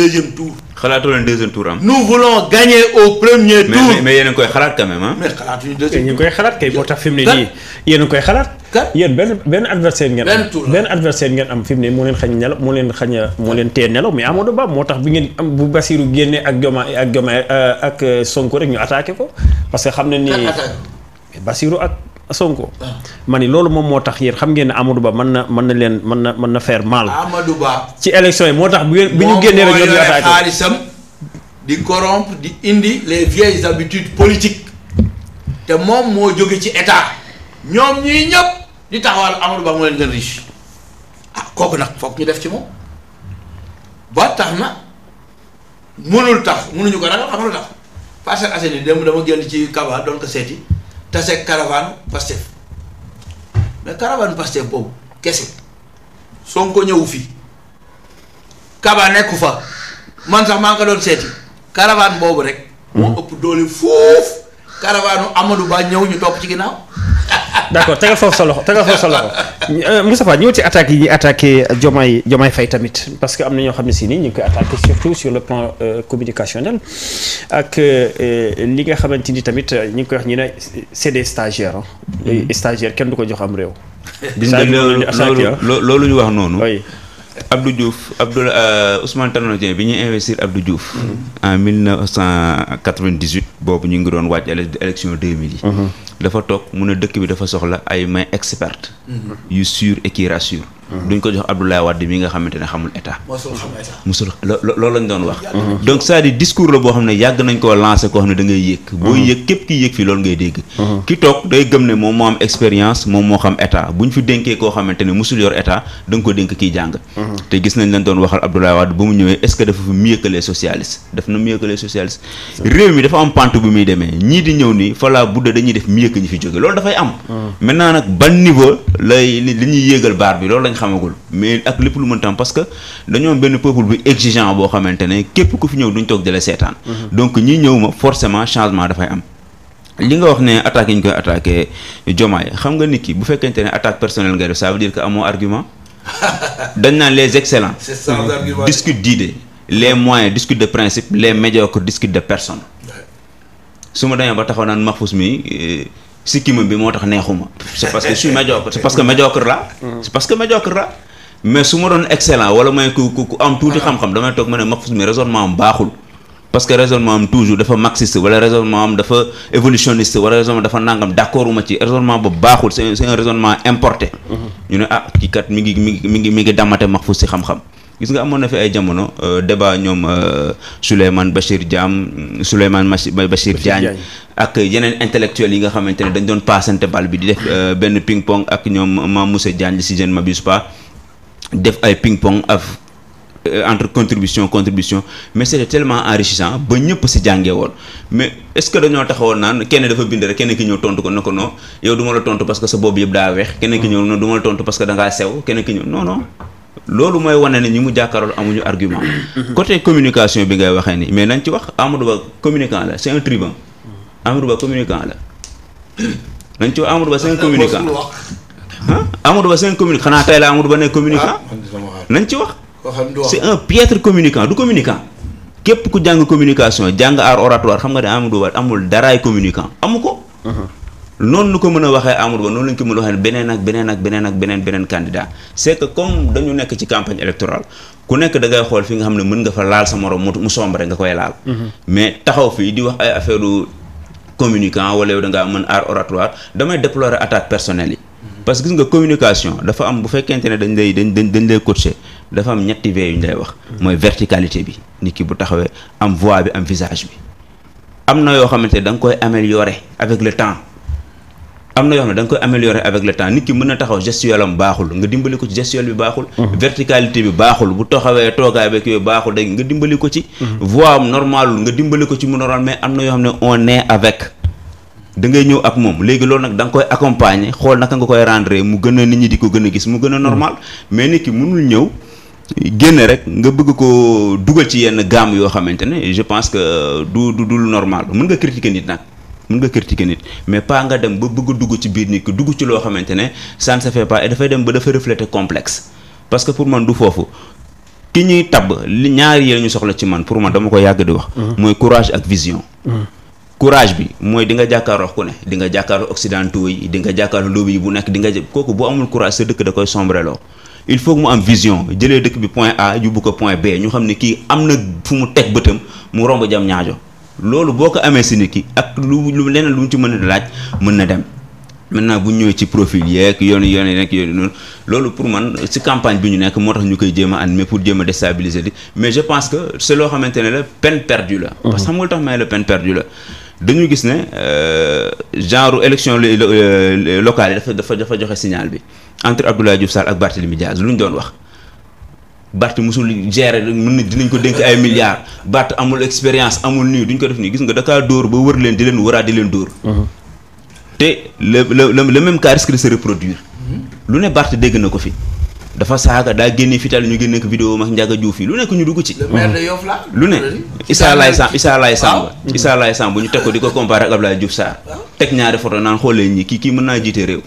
deuxième tour. xalaatoo leen deuxième mais mais koy xalaat quand même mais xalaatuñu ñu koy xalaat kay boo tax fi mu ne nii. yéen a koy xalaat. yéen benn benn adversaire ngeen am benn adversaire ngeen am fi mu ne moo leen xañ nelaw moo leen xañ a moo leen tee nelaw mais Amadou Ba moo tax bi ngeen am bu Bassirou génnee ak Diomaye ak Diomaye euh, ak Sonko rek ñu attaqué ko parce que xam na ni. Bassirou ak. Sonko. ma ni loolu moom moo tax yéen xam ngeen ne Amadou Ba mën na mën na leen mën na mën na faire mal. Amadou Ba ci élection yi moo tax. bu ngeen bi ñu génnee rek ñoom ñu xaalisam di corrompre di indi les vieilles habitudes politiques te moom moo jóge ci état ñoom ñuy ñëpp di taxawal Amadou Ba moo leen gën riche ah kooku nag foog ñu def ci moom ba tax na mënul tax mënuñu ko ragal xam lu tax Parcelles Assainies démb dama génn ci Kaba doon ko seeti. tase caravane Pastef mais caravane Pastef boobu kese Sonko ñëw fii Kaba nekku fa man sax maa ngi doon seeti caravane boobu rek. moo ëpp doole fuuf caravane Amadou baa ñëw ñu topp ci ginaaw d' accord tegal foofu sa loxo tegal foofu sa loxo euh, Moustapha ñëw ci attaque yi ñuy attaqué Diomaye Diomaye fay tamit parce que am na ñoo xam ne si nii ñu ngi koy attaqué surtout sur le plan euh, communicationnel ak euh, li nga xamante ni tamit ñu ngi koy wax ñu ne c' est des stagiaires ah. Mm-hmm. stagiaire kenn du ko jox am réew. gis loolu loolu ñu wax noonu. Abdou juuf Abdou euh, Ousmane Tanor Dieng bi ñuy investir Abdou juuf mm-hmm. en mil neuf cent quatre-vingt-dix-huit boobu ñu ngi doon waaj élection deux mille yi. Mm-hmm. dafa toog mu ne dëkk bi dafa soxla ay main experte. Mm-hmm. yu sûr et qui rassure. duñ ko jox Abdoulaye Wade mi nga xamante xamul état. mosul xam état doon wax. donc cest à discours la boo xam ne yàgg nañ koo lancé koo xam ne yëg. booy yëg képp ki yëg fii loolu ngay dégg. ki toog day gëm ne moom moo am expérience moom moo xam état buñ fi dénkee koo xamante mosul yor état da ko dénk kiy jàng. te gis nañ lañ doon waxal Abdoulaye Wade ba mu ñëwee est-ce fi mieux que les socialistes na mieux que les réew mi dafa xamagul mais ak lépp lu mën tam parce que dañoo am benn peuple bu exigeant boo xamante ne képp ku fi ñëw duñ toog di la seetaan. Mhm. donc ñi ñëw ma forcément changement dafay am. li nga wax ne attaques yi ñu koy attaqué Diomaye xam nga nit ki bu fekkente ne attaque personnelle ngay def ça veut dire que amoo argument dañ naan les excellents. c'est discute d'idées les moyens discute de principe les médiocres discute de personne. su ma demee ba taxaw naan Mahfouz mi. sikkima bi moo tax neexuma c'est parce que je la mm. c'est parce que médiocre la mais su ma doon excellent wala may ku ku am tuuti ah. xam-xam damay toog ma ne Mahfouss mi raisonnement am baaxul parce que raisonnement am toujours dafa marxiste wala raisonnement am dafa évolutionniste wala raisonnement dafa nangam d'accord ci raisonnement ba baaxul c'est un raisonnement importé mm-hmm. ñu ne ah kii kat mi ngi mi ngi mi ngi mi ngi damate Mahfouss si xam-xam gis nga amoon na fi ay jamono euh, débat ñoom euh, Souleymane Bachir Diam Souleymane Bachir Diagne ak yeneen intellectuels yi nga xamante ne dañ doon paasante bal bi di def euh, benn ping pong ak ñoom Mame Moussa Diagne si jeune Mabuse Pa def ay ping pong af entre contribution contribution mais c'était tellement enrichissant ba ñëpp si jàngee woon mais est-ce que dañoo taxawoon naan kenn dafa bind rek kenn ki ñëw tontu ko ne ko non yow du ma la tontu parce que sa boobu yëpp daa weex. kenn que da ngaa sew kenn ki loolu mooy wane ne ñi mu jàkkaarloo amuñu argument. Mhm. côté communication bi ngay waxee ni mais nañ ci wax Amadou Ba communicant la c'est un Ba communicant la nañ ci wax Amadou Ba c'est un communicant ah Amadou Ba c'est un communicant xanaa tey la Amadou Ba ne communicant ah, nañ ci wax. c'est un piètre communicant du communicant. képp ku jàng communication jàng art oratoire xam nga ne Amadou Ba amul daraay communicant amu ko. Mhm. noonu nu ko mën a waxee Amadou Ba noonu la ñu ko mën a waxee beneen ak beneen ak beneen ak beneen beneen candidat c'est comme dañu nekk ci campagne électorale ku nekk da ngay xool fi nga xam ne mën nga fa laal sa morom mu sombre nga koy laal. Mhm. mais taxaw fii di wax ay affaire communicant wala yow da ngaa mën art oratoire damay déplorer attaque personnel yi. Mhm. parce que gis nga communication dafa am bu fekkente ne dañ lay dañ dañ dañ lay coacher dafa am ñetti V yu lay wax. Mhm. mooy verticalité bi nit ki bu taxawee am voix bi am visage bi. am na yoo xamante ne da nga koy améliorer avec le temps. am na yoo xam ne da nga koy améliorer avec le temps nit ki mën na taxaw gestuel am baaxul nga dimbali ko ci gestuel bi baaxul mmh. verticalité bi baaxul bu taxawee toogaay beeg yooyu baaxul nga dimbali ko ci mmh. voix am normalul nga dimbali ko ci mu normal mais am na yoo xam ne da ngay ñëw ak moom léegi loolu nag da koy accompagner xool naka nga koy rendre mu gën a nit ñi di ko gën a gis mu gën a mmh. normal mais nit ki mënul ñëw génn rek nga bëgg ko dugal ci yenn gamm yoo xamante ne je pense que du du dul normal mën nga critiquer nit nag mën nga critiquer nit mais pas nga dem ba bëgg dugg ci biir nit ki dugg ci loo xamante ne ça ne se fait pas dafay dem ba dafa refléter complexe parce que pour man du foofu ki ñuy tabb li ñaari yi la ñu soxla ci man pour man dama ko yàgg di wax mm-hmm. mooy courage ak vision mm-hmm. courage bi mooy di nga jàkkaarloo ku ne di nga jàkkaarloo occidentaux yi di nga lobby bu nekk di nga kooku bu amul courage sa dëkk da koy sombreloo il faut mu am vision jëlee dëkk bi point A yóbbu ko point B ñu xam ne kii am na loolu boo ko amee si nit ki ak lu lu leneen lu ñu ci mën a laaj mën na dem maintenant bu ñëwee ci profit yeeg yoon yoon rek yoon noonu loolu pour man si campagne bi ñu nekk moo tax ñu koy jéem a animer pour jéem a déstabiliser li mais je pense que c'est loo xamante ne la peine perdue la. Mmh. parce que xam nga lu tax may la peine perdue la. dañu gis ne euh, genre élection euh, locale yi dafa dafa dafa joxe signal bi entre Abdoulaye Diouf Sall ak Barthélémy Diaz lu ñu doon wax. Bart musul gérer mun na dinañ ko dénk ay milliards Bart amul expérience amul nii duñ ko def nii gis nga dakaa dóor ba wër leen di leen waraat di leen dóor. Mhm. te le la le même cas risque de reproduire. Mhm. lu ne Bart dégg na ko fi. dafa saaga daa génne fital ñu génne ko vidéo mag Ndiaga Diouf fi lu nekk ñu dugg ci. le maire de Yoff la. Mhm. lu ne Issa Laye Samb Issa Laye Samb. Issa Laye Samb bu ñu teg ko di ko comparé ak Abdoulaye Diouf Sarr. teg ñaari photo naan xoolee ñi kii kii mën naa jiite réew.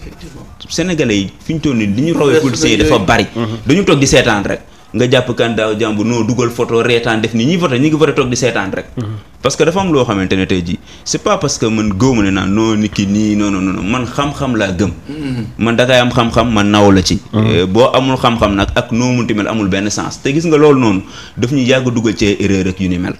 Sénégalais yi fi ñu toll nii li ñu rawee politiciens yi dafa bari. dañu toog di seetaan rek. nga jàpp candidat jàmbu noo dugal photo reetaan def ni ñi voté ñi ngi voté toog di seetaan rek mhm. parce que dafa am loo xamante ne tey jii c'est pas parce que man gëw ma ne naan noo nit ki nii non non man xam-xam laa gëm mhm. man dakay am xam-xam man naw la ci mhm. euh, boo amul xam-xam nag ak noo munti mel amul benn sens te gis nga loolu noonu daf ñu yàgg dugal ci erreur ak yu ni mel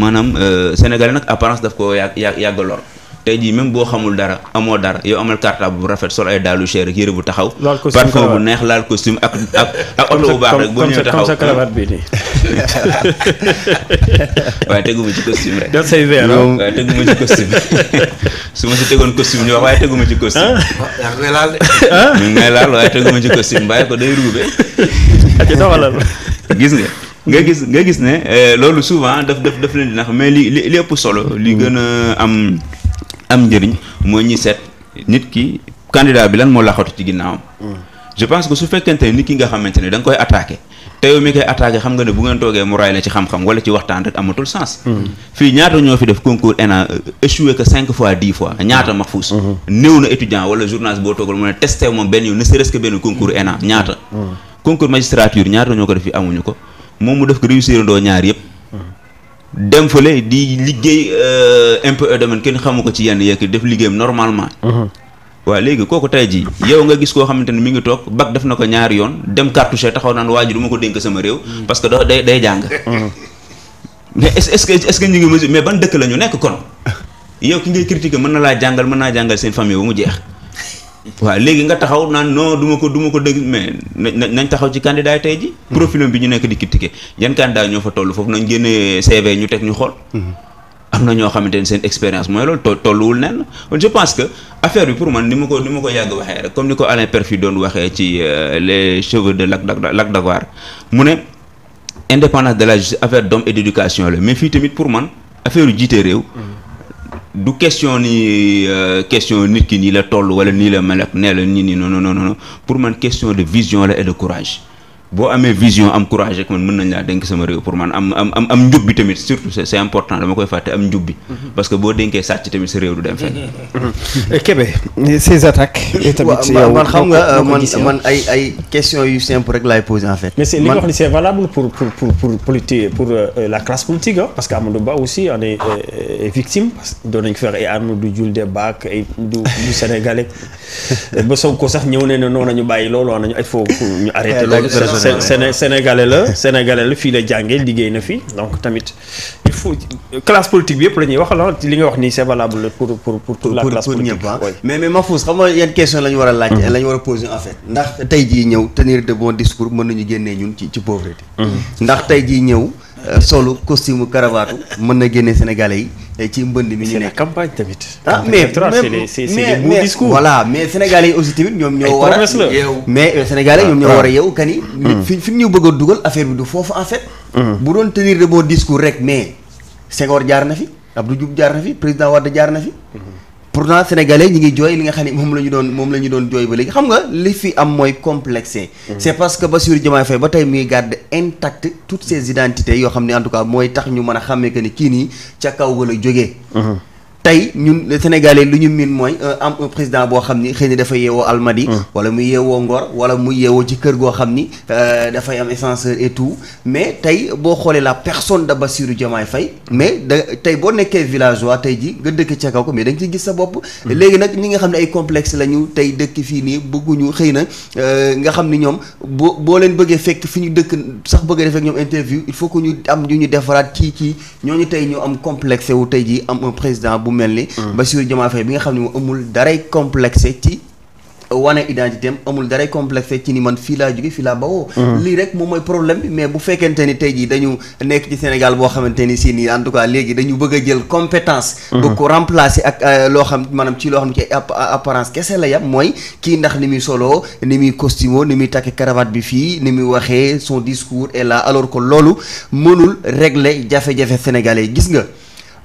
maanaam euh, sénégalais nag apparence daf ko yàgg yàgg lor tey jii même boo xamul dara amoo dara yow amal cartable bu rafet sol ay daalu cher rek yëre bu taxaw parfum bu neex laal costume ak ak ak oto bu baax rek boo ñëwee taxaw comme sa cravate bi nii waaye teguma ci costume rek say verre ah. waaye teguma ci costume su ma si tegoon costume ñu wax waaye teguma ci costume ah. yaa ngi laal de ñu ah. ngay laal waaye teguma ci costume bàyyi ko day ruube ak doxalal gis nga nga gis nga gis ne euh, loolu souvent daf daf daf leen nax mais li li ëpp solo li gën a am am njëriñ mooy ñi seet nit ki candidat bi lan moo laxatu ci ginnaawam. je pense que su fekkente nit ki nga xamante ne da koy attaqué te yow mi koy attaqué xam nga ne bu ngeen toogee mu ray la ci xam-xam wala ci waxtaan rek amatul sens. fii ñaata ñoo fi def concours ENA euh, échoué que cinq fois dix fois ñaata Mahfouz. néew na étudiant wala journaliste boo toogal mu ne testé moom benn yoon ne serait-ce que benn concours ENA ñaata. Mm. concours magistrature ñaata ñoo ko def fi amuñu ko moom mu def ko réussir ndoo ñaar yëpp. dem fële di liggéey euh, impôt domaine kenn xamu ko ci yenn yeeg def liggéeyam normalement. Mhm. waaw léegi kooku tey jii yow nga gis koo xamante ni mu ngi toog bac def na ko ñaari yoon dem cartouche taxaw naan waa ji ko dénk sama réew. Mhm. parce que da day day jàng. Mhm. mais est-ce que est mais ban dëkk la ñu nekk kon yow ki ngay critiquer mën na laa jàngal mën naa jàngal seen famille ba mu jeex. waaw léegi nga taxaw naa non du ma ko du ma ko dëgg mais nañ taxaw ci candidat yi tey ji mm-hmm. profilum bi ñu nekk di critiquer yan candidat ñoo fa toll foofu nañ génnee CV ñu teg ñu xool mm-hmm. am na ñoo xamante ne seen expérience mooy loolu tolluwul nen je pense que affaire bi pour man ni ma ko ni ma ko yàgg waxee rek comme ni ko Alain Perfi doon waxee ci euh, les cheveux de Lac Lac d'Aguiar mu ne indépendance de la justice affaire d'homme et d'éducation la mais fii tamit pour man affaire yu réew mm-hmm. du question ni euh, question nit ki nii la toll wala nii la mel ak nee la nii nii non non pour man question de vision la et de courage. boo amee vision am courage rek man mën nañ laa dénk sama réew pour man am am am tamit surtout c' important dama koy fàtte am njub bi. Mhm. parce que boo dénkee sàcc tamit sa réew du dem fenn. Mhm. Kébé man xam nga euh, man man ay ay questions yu simple rek laay poser en fait. mais li nga wax ni c' est valable pour pour pour euh, la classe politique parce que Amadou Ba aussi on est euh, victime parce que doon nañu ko fexe du jul de baak ay du du sénégalais ba soog ko sax ñëw ne ne noonu la ñu bàyyi loolu wax nañu ay foofu ñu Séné Sénégalais la Sénégalais la fii la jàngee liggéey na fi donc tamit il faut classe politique bi yëpp la ñuy wax la li nga wax nii c'est pour pour pour. pour la classe politique ah. mais mais Mahfouz xam nga yan question la ñu war a laaj. Mhm. la ñu war a poser en fait. ndax tey jii ñëw tenir de bon discours mën nañu génnee ñun ci ci mhm. ndax tey jii ñëw. Euh, solu costume cravate mën na génne Sénégalais yi eh, ci mbënd mi ñu nekk campagne tamit. ah mais mais mais voilà mais Sénégalais yi aussi tamit ñoom ñoo war a yeewu mais euh, Sénégalais ñoom ñoo ah. war a yeewu kan yi. Hmm. fi fi ñu bëgg a dugal affaire bi du foofu en fait. Hmm. bu doon tenir de bon discours rek mais Senghor jaar na fi Abdou Diouf jaar na fi président Wade jaar na fi. Hmm. pourtant sénégalais ñi ngi jooy li nga xam ne moom la ñu doon moom la ñu doon jooy ba léegi xam nga li fi am mooy complexé mm-hmm. c'est parce que Bassirou Diomaye Faye ba tey muy garde intact toutes ses identités yoo xam ne en tout cas mooy tax ñu mën a xàmmee que ni kii nii ca kaw la jógee mm-hmm. tey ñun sénégalais lu ñu miin mooy euh, am un président boo xam ni xëy na dafa yeewoo Almadi wala mu yeewoo Ngor wala mu yeewoo ci kër goo xam ni euh, dafay am ascenseur et tout mais tey boo xoolee la personne de Bassirou Diomaye fay mais da tey boo nekkee villageois tey ji nga dëkk ca kaw ko mais da nga ci gis sa bopp léegi nag ñi nga xam ne ay complexe la ñu tey dëkk fii nii bëgguñu xëy na euh, nga xam ni ñoom boo boo leen bëggee fekk fi ñu dëkk sax bëgg a def ak ñoom interview il faut que ñu am ñu ñu defaraat kii kii ñooñu tey wu mel ni. Mm. Bassirou Diomaye Faye bi nga xam ne mu amul daray complexe ci. wane identité am amul daray complexe ci ni man fii laa jóge fii laa bawoo. Mm. lii rek moom mooy problème bi mais bu fekkente ni tey jii dañu nekk ci Sénégal boo xamante ni si nii en tout cas léegi dañu bëgg a jël compétence. Mm-hmm. bu ko remplacer ak euh, loo xam maanaam ci loo xam ci apparence kese la yam mooy kii ndax ni muy soloo ni muy costume ni muy takk cravate bi fii ni muy waxee son discours et la alors que loolu mënul régler jafe-jafe gis nga.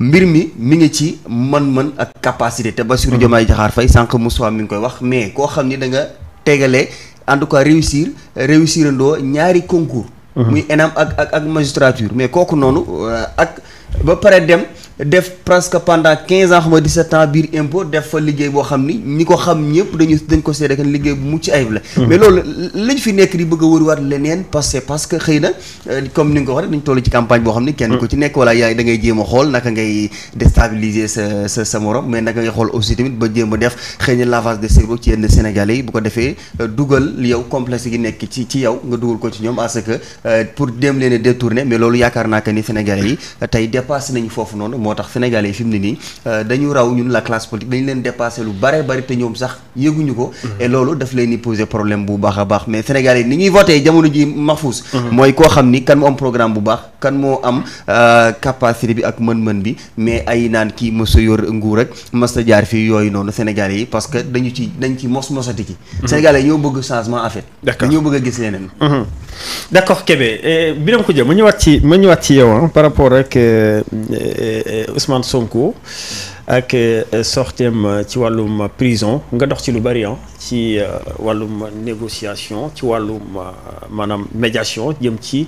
mbir mi mi ngi ci man mën ak capacité te Bassirou mm-hmm. Diomaye Diakhar fay sànq Moussa mi ngi koy wax mais koo xam ni danga tegale tegalee en tout cas réussir réussir ñaari concours mm-hmm. muy ENAM ak ak ak magistrature mais kooku noonu euh, ak ba pare dem def presque pendant 15 ans xam nga 17 ans biir impôt def fa liggéey boo xam ni ñi ko xam ñëpp dañu dañ ko seede kan liggéey bu mucc ayib la. Mhm. mais loolu lañ fi nekk di bëgg a leneen parce que parce que xëy na euh, comme ni nga ko waxee dañ toll ci boo xam ni. kenn mhm. ku ci nekk wala yaay da ngay jéem a xool naka ngay déstabiliser sa sa sa morom mais naka ngay xool aussi tamit ba jéem a def xëy na lavage de cerveau ci yenn Sénégalais yi bu ko defee euh, dugal yow complexe gi nekk ci ci yow nga dugal ko ci ñoom parce que euh, pour dem leen a détourner mais loolu yaakaar naa ni Sénégalais yi tey dépassé foofu noonu moo tax sénégalais yi fi mu ne nii euh, dañu raw ñun la classe politique dañu leen dépassé lu bare bari te ñoom sax yëguñu ko mm-hmm. loolu daf leen di problème bu baax a baax mais sénégalais yi ni ñuy voté jamono ji mahfous mm-hmm. mooy koo xam ni kan moo am programme bu baax kan moo am euh, capacité bi ak mën-mën bi mais ay naan kii mësa yor nguur rek mësa jaar fii yooyu noonu sénégalais yi parce que dañu ci dañ ci mos mosati ci mm-hmm. sénégalais yi ñoo bëgg changement en fait dañoo bëgg a gis leneen d'accord Kébé Birame Khoudia ma ñëwaat ci ma ñëwaat ci yow par Euh, Ousmane Sonko ak euh, sortem euh, ci wàllum prison nga dox ci lu bari ci wàllum négociation ci wàllum maanaam médiation jëm ci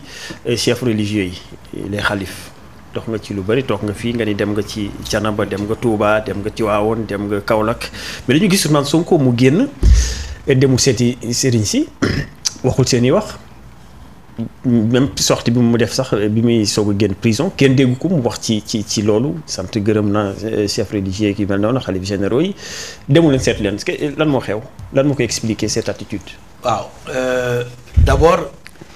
chef religieux yi les xalif dox nga ci lu bari toog nga fii nga ni dem nga ci Canaba dem nga tuubaa dem nga Tiwaawoon dem nga Kaolack mais dañu gis Ousmane Sonko mu génn demu seeti sëriñ si waxul seen wax. même sortie bi mu def sax bi muy soog a génn prison kenn dégg ko mu wax ci ci ci loolu sant gërëm na euh, chef religieux ki mel noonu xalif généraux yi demu leen seet leen lan moo xew lan moo ko expliquer cette attitude. waaw euh, d' abord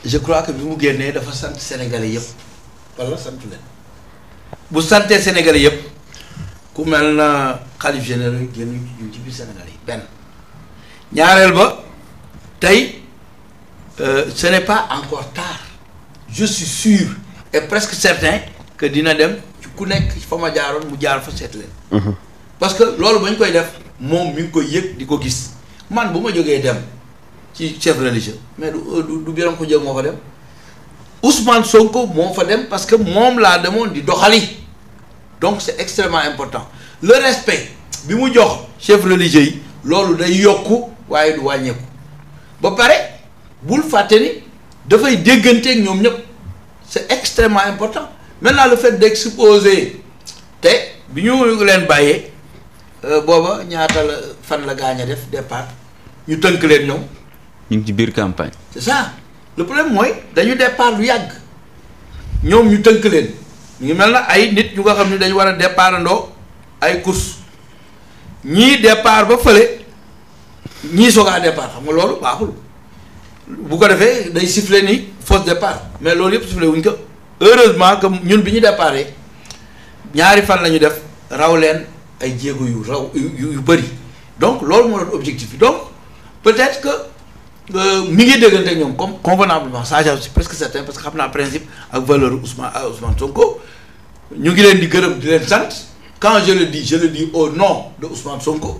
je crois que bi mu génnee dafa sant Sénégalais yëpp wala sant leen bu santee Sénégalais yëpp ku mel na xalif généraux yi génn ci biir Sénégalais yi benn ñaareel ba tey. euh, ce n'est pas encore tard je suis sûr et presque certain que dina dem ku nekk fa ma jaaroon mu jaar fa seet leen mhm. parce que loolu ba ñu koy def moom mu ngi koy yëg di ko gis man bu ma jógee dem ci chef religieux mais du euh, du biram ko jël moo fa dem Ousmane Sonko moo fa dem parce que moom laa demoon di doxali donc c'est extrêmement important le respect bi mu jox chef religieux yi loolu day yokku waaye du wàññeeku ba pare bul fàtte ni dafay dégganteeg ñoom ñëpp c'est extrêmement important maintenant le fait d'exposer te bi ñu leen bàyyee euh, booba ñaata la fan la gaañ a def départ ñu tënk leen ñoom. ñu ngi ci biir campagne. c'est ça le problème mooy dañu départ lu yàgg ñoom ñu tënk leen ñu ngi mel na ay nit ñu nga xam ne dañu war a départ ay course ñii départ ba fële ñii soog a départ xam nga loolu baaxul. bu ko defee day siffler ni fausse départ mais loolu yëpp siffler wuñ ko heureusement que ñun bi ñu départ ñaari fan la ñu def raw leen ay jéego yu raw yu yu bëri donc loolu moo doon objectif bi donc peut-être que euh, mi ngi déggante ñoom comme convenablement ça j'en suis presque certain parce que xam naa principe ak valeur Ousmane euh, Ousmane Sonko ñu ngi leen di gërëm di leen sant quand je le dis je le dis au nom de Ousmane Sonko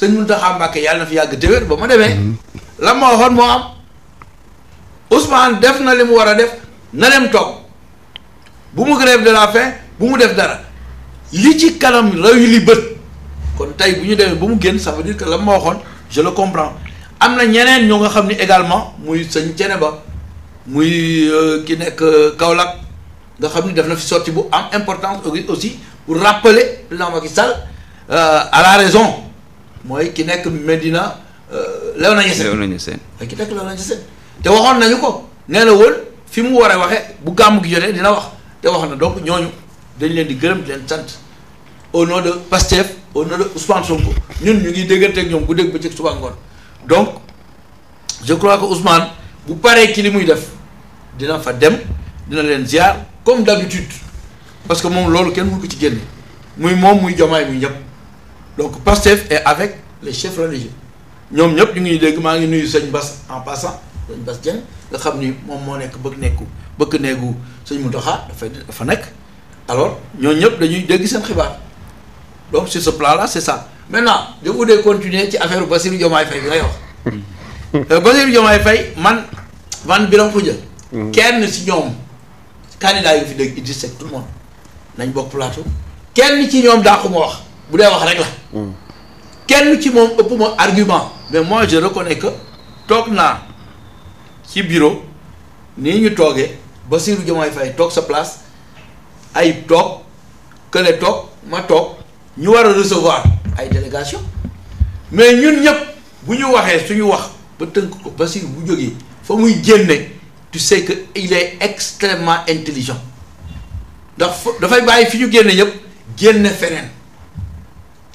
sëñ Mountakha Mbacké yàlla na fi yàgg déwén ba ma demee mm-hmm. Ousmane def na li mu war a def na dem toog bu mu grève de la faim bu mu def dara li ci kanam rayu li bët kon tey bu ñu demee ba mu génn ça veut dire que la ma waxoon je le comprends am na ñeneen ñoo nga xam ni également muy sëñ cene ba muy euh, ki nekk euh, Kaolack nga xam ni def na fi sortie bu am importance aussi pour rappeler président Macky Sall euh, à la raison mooy ki nekk Medina Léona Niassène Léona Niassène ki nekk Léona Niassène te waxoon nañu ko nee na woon fi mu waree a waxee bu gàmm gi jotee dina wax te wax na donc ñooñu dañ leen di gërëm di leen sant au nom de Pastef au nom de Ousmane Sonko ñun ñu ngi dégganteeg ñoom ku dégg ba ci suba ngoon donc je crois que Ousmane bu paree ci li muy def dina fa dem dina leen ziar comme d'habitude parce que moom loolu kenn mun ko ci génne muy moom muy jomaay muy ñëpp donc Pastef et avec le chefs religieux ñoom ñëpp ñu ngi dégg maa ngi nuyu sëñ Bass en passant. sëñ Bass Dieng nga xam ni moom moo nekk bëgg nekku bëgg neegu sëñ Mountakha dafay dafa nekk alors ñoo ñëpp dañuy dégg seen xibaar donc sur ce plan là c'est ça maintenant je voudrais continuer ci affaire Bassirou Diomaye Faye bi ngay wax mm-hmm. euh, Bassirou Diomaye Faye man man Birame Khoudia mm-hmm. kenn si ñoom candidat yi fi dégg Idrissa Seck tout le nañ bokk plateau kenn ci ñoom daa ko ma wax bu dee wax rek la mm-hmm. kenn ci moom ëpp ma argument mais moi je reconnais que toog naa ci bureau nii ñu toogee Bassirou Diomaye Faye toog sa place ay toog kële toog ma toog ñu war a recevoir ay délégation mais ñun ñëpp bu ñu waxee suñu wax ba tënk ko Bassirou bu jógee fa muy génne tu sais que il est extrêmement intelligent ndax dafay bàyyi fi ñu génne ñëpp génne feneen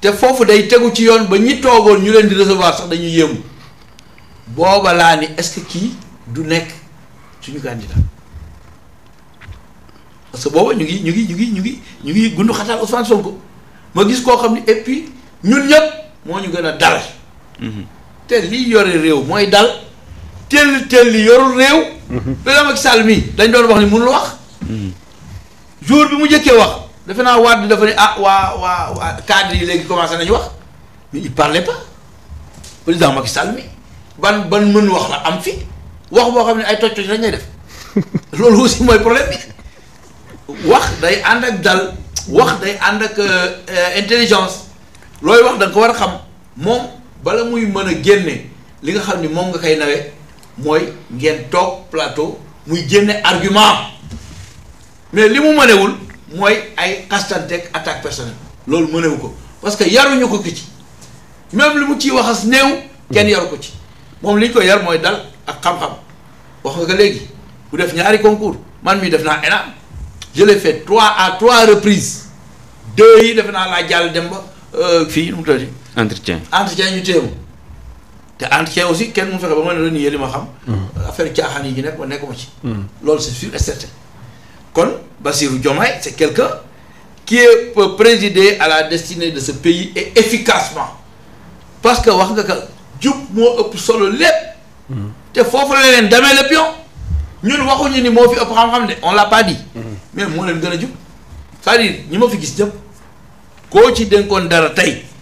te foofu day tegu ci yoon ba ñi toogoon ñu leen di recevoir sax dañuy yéemu booba laa ni est kii du nekk suñu candidat parce que booba ñu ngi ñu ngi ñu ngi ñu ngi ñu ngi gundu xataal Ousmane Sonko ma gis koo xam ne et puis ñun ñëpp moo ñu gën a dal. Mhm. te lii yore réew mooy dal teel teel yi yorul réew. Mhm. président Macky Sall mi dañ doon wax ni mënul wax. Mhm. jour bi mu jëkkee wax defe naa Wade dafa ne ah waa waa waa cadre yi léegi commencé nañu wax mais il parlait pas président Macky Sall mi ban ban mën wax la am fi wax boo xam ne ay toj-toj rek ngay def loolu aussi mooy problème wax day ànd ak dal wax day ànd ak euh, intelligence looy wax da ko war a xam moom bala muy mën a génne li nga xam ni moom nga koy nawe mooy ngeen toog plateau muy génne argument mais li mu mënewul mooy ay xastanteeg attaque personnelle loolu mënewu ko parce que yaruñu ko ki ci même li mu ciy waxas néew kenn yaru ko ci moom li ñu ko yar mooy dal ak xam-xam wax nga léegi bu def ñaari concours man mii def naa ENAM jële l'ai fait trois à trois reprises deux yi def naa laa jàll dem ba euh, fii nu mu tëddee. entretien entretien ñu téemu te entretien aussi kenn mu fexe ba mën a renier li ma xam. Mm. affaire caaxaan yi ñu nekk ma nekkuma ci. Mm. loolu c'est sûr et certain kon Bassirou Diomaye c'est quelqu'un ki est euh, présider à la destinée de ce pays et efficacement parce que wax nga ka jub moo ëpp solo lépp. Mm. te foofu la leen demee le pion ñun waxuñu ni moo fi ëpp xam-xam de on l'a pas mhm. mais moo leen gën a jub cest à ñi ma fi gis jëpp koo ci dénkoon dara tey.